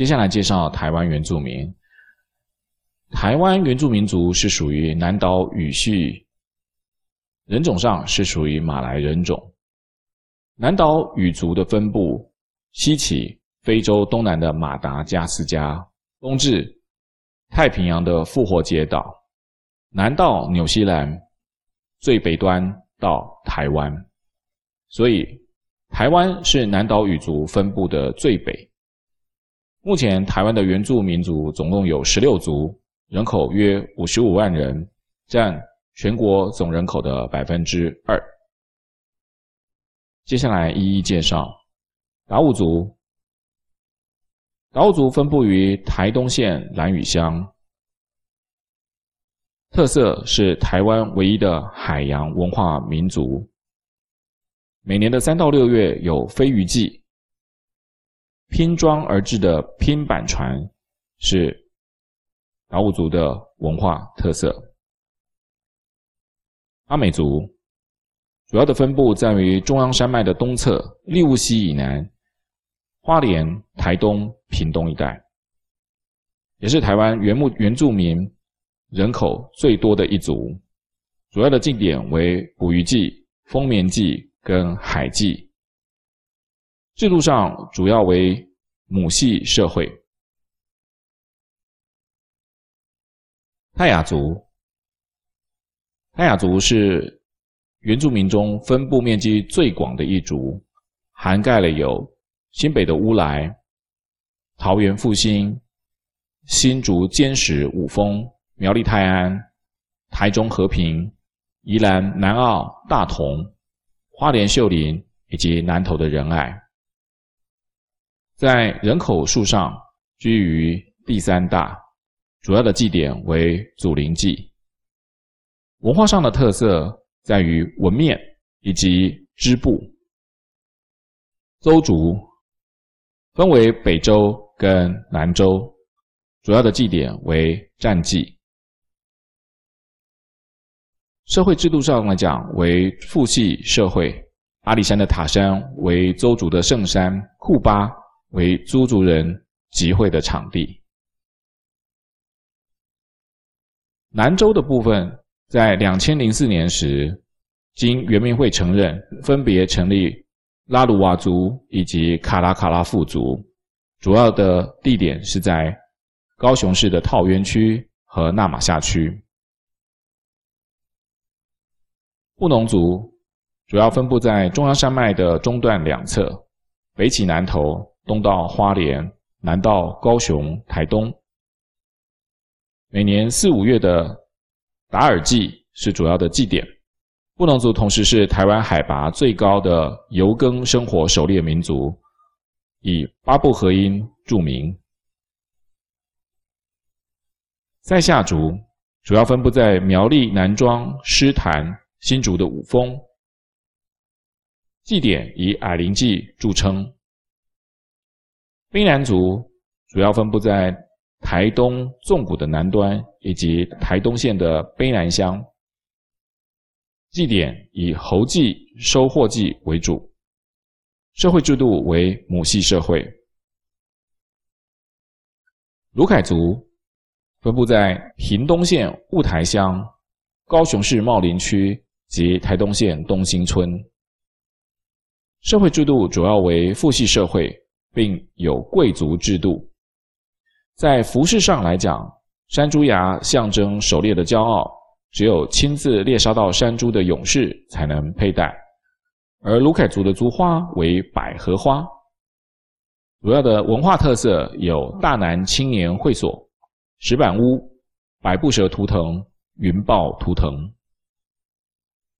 接下來介紹臺灣原住民。臺灣原住民族，是屬於南島語系，人種上是屬於馬來人種。南島語族的分布，西起非洲東南的馬達加斯加，東至太平洋的復活節島，南到紐西蘭，最北端到臺灣。所以，臺灣是南島語族分布的最北。目前台灣的原住民族總共有十六族，人口約五十五萬人，占全國總人口的百分之二。接下來一一介紹：達悟族、達悟族，分布於台東縣蘭嶼鄉，特色是台灣唯一的海洋文化民族。每年的三到六月有飛魚季。拼裝而製的拼板船，是達悟族的文化特色。阿美族，主要的分布在於中央山脈的東側、立霧溪以南、花蓮、台東、屏東一帶，也是台灣原木原住民人口最多的一族。主要的祭典為捕魚祭、豐年祭跟海祭。制度上主要為母系社會。泰雅族，泰雅族是原住民中分布面積最廣的一族，涵蓋了有新北的烏來、桃園復興、新竹尖石五峰、苗栗泰安、台中和平、宜蘭南澳大同、花蓮秀林以及南投的仁愛。在人口數上居於第三大，主要的祭典為祖靈祭。文化上的特色在於紋面以及織布。鄒族分為北鄒跟南鄒，主要的祭典為戰祭。社會制度上來講為父系社會。阿里山的塔山為鄒族的聖山庫巴。為鄒族人集會的場地。南鄒的部分在2004年時，經原民會承認，分別成立拉魯瓦族以及卡拉卡拉富族。主要的地點是在高雄市的桃源區和那瑪夏區。布農族主要分布在中央山脈的中段兩側，北起南投，東到花蓮，南到高雄、台東。每年四五月的打耳祭是主要的祭典。布農族同時是台灣海拔最高的游耕生活、狩獵民族，以八部合音著名。賽夏族主要分布在苗栗南莊、獅潭、新竹的五峰，祭典以矮靈祭著稱。卑南族主要分布在台東縱谷的南端以及台東縣的卑南鄉，祭典以猴祭、收穫祭為主，社會制度為母系社會。魯凱族分布在屏東縣霧台鄉、高雄市茂林區及台東縣東興村，社會制度主要為父系社會，並有貴族制度，在服飾上來講，山豬牙象徵狩獵的驕傲，只有親自獵殺到山豬的勇士才能佩戴。而魯凱族的族花為百合花，主要的文化特色有大南青年會所、石板屋、百步蛇圖騰、雲豹圖騰。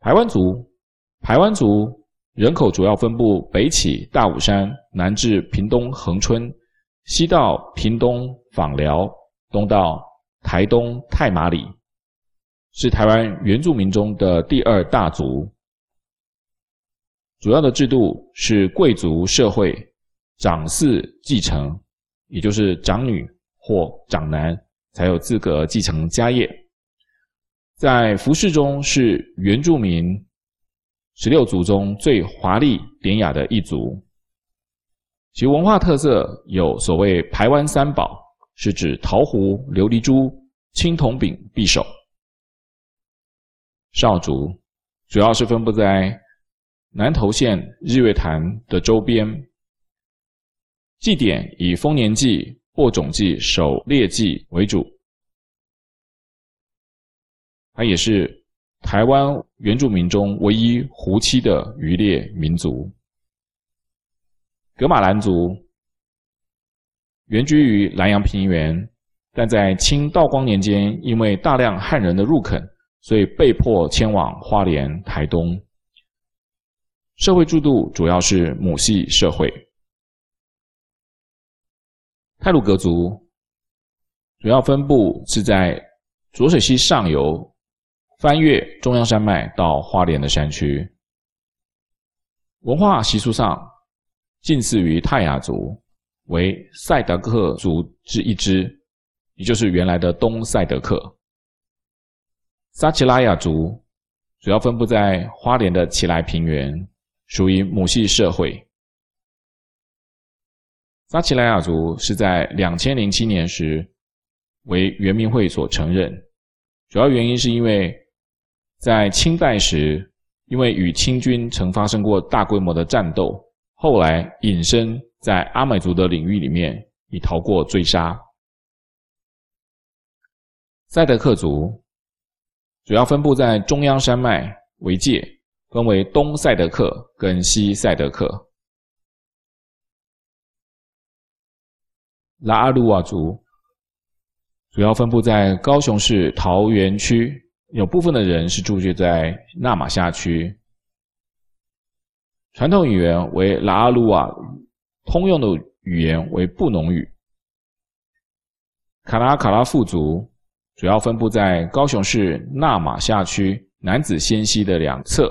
台灣族，台灣族。人口主要分布，北起大武山，南至屏東恆春，西到屏東枋寮，東到台東太麻里，是台灣原住民中的第二大族。主要的制度是貴族社會，長嗣繼承，也就是長女或長男才有資格繼承家業。在服飾中是原住民。十六族中最華麗典雅的一族，其文化特色有所謂“排灣三寶”，是指陶壺、琉璃珠、青銅柄匕首。邵族主要是分布在南投縣日月潭的周邊，祭典以豐年祭、播種祭、狩獵祭為主，它也是。台灣原住民中唯一胡旗的漁獵民族——噶瑪蘭族，原居於蘭陽平原，但在清道光年間，因為大量漢人的入墾，所以被迫遷往花蓮、台東。社會制度主要是母系社會。太魯閣族主要分布是在濁水溪上游。翻越中央山脈到花蓮的山區，文化習俗上近似於泰雅族，為賽德克族之一支，也就是原來的東賽德克。撒奇萊雅族主要分布在花蓮的奇萊平原，屬於母系社會。撒奇萊雅族是在兩千零七年時為原民會所承認，主要原因是因為。在清代時，因為與清軍曾發生過大規模的戰鬥，後來隱身在阿美族的領域裡面，以逃過追殺。塞德克族主要分布在中央山脈為界，分為東塞德克跟西塞德克。拉阿魯哇族主要分布在高雄市桃源區。有部分的人是居住在那瑪夏區，傳統語言為拉阿魯哇語，通用的語言為布農語。卡拉卡拉富族主要分布在高雄市那瑪夏區楠梓仙溪的兩側，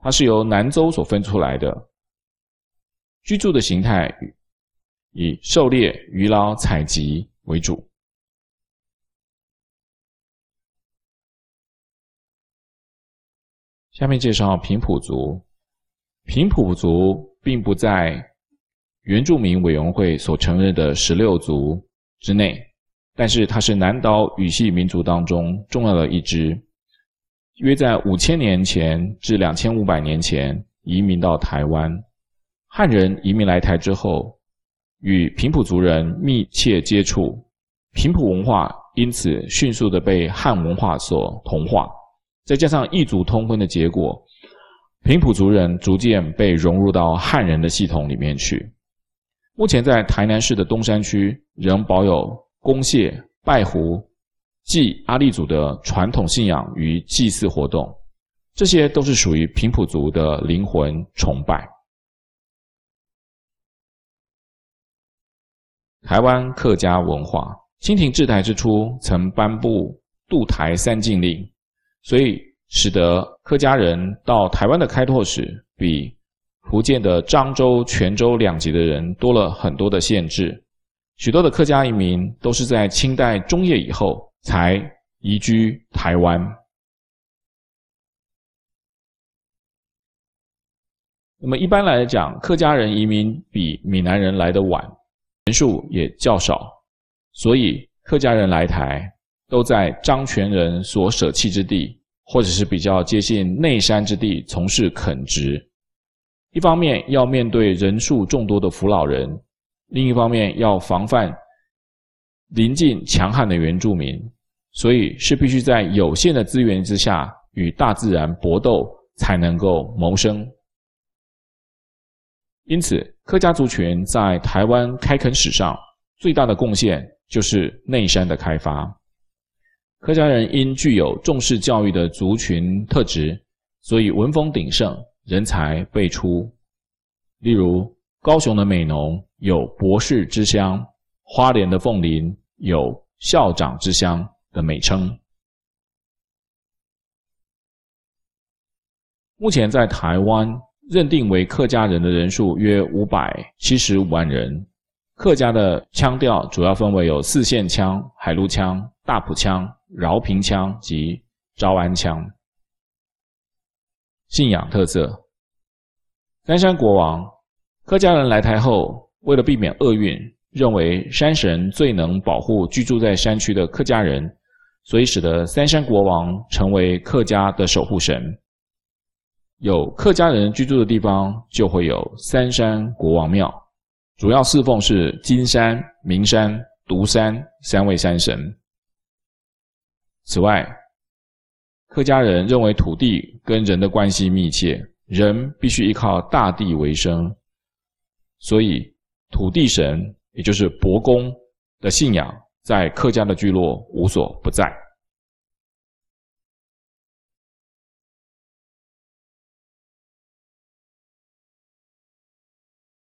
它是由南鄒所分出來的，居住的形態以狩獵、漁撈、採集為主。下面介紹平埔族。平埔族並不在原住民委員會所承認的十六族之內，但是它是南島語系民族當中重要的一支。約在五千年前至兩千五百年前移民到台灣。漢人移民來台之後，與平埔族人密切接觸，平埔文化因此迅速地被漢文化所同化。再加上異族通婚的結果，平埔族人逐漸被融入到漢人的系統裡面去。目前在台南市的東山區，仍保有公廨、拜壺、祭阿立祖的傳統信仰與祭祀活動，這些都是屬於平埔族的靈魂崇拜。台灣客家文化，清廷治臺之初曾頒布渡台三禁令。所以，使得客家人到台灣的開拓史，比福建的漳州、泉州兩籍的人多了很多的限制。許多的客家移民都是在清代中葉以後才移居台灣。那麼，一般來講，客家人移民比閩南人來得晚，人數也較少，所以客家人來台。都在漳泉人所舍棄之地，或者是比較接近內山之地從事墾殖。一方面要面對人數眾多的福佬人，另一方面要防範臨近強悍的原住民，所以是必須在有限的資源之下與大自然搏鬥才能夠謀生。因此，客家族群在台灣開墾史上最大的貢獻就是內山的開發。客家人因具有重視教育的族群特質，所以文風鼎盛，人才輩出。例如，高雄的美濃有博士之鄉，花蓮的鳳林有校長之鄉的美稱。目前在台灣認定為客家人的人數約五百七十五萬人。客家的腔調主要分為有四縣腔、海陸腔、大埔腔，饒平腔及詔安腔，信仰特色。三山國王，客家人來台後，為了避免厄運，認為山神最能保護居住在山區的客家人，所以使得三山國王成為客家的守護神。有客家人居住的地方，就會有三山國王廟，主要侍奉是金山、明山、獨山三位山神。此外，客家人認為土地跟人的關係密切，人必須依靠大地為生，所以土地神，也就是伯公的信仰，在客家的聚落無所不在。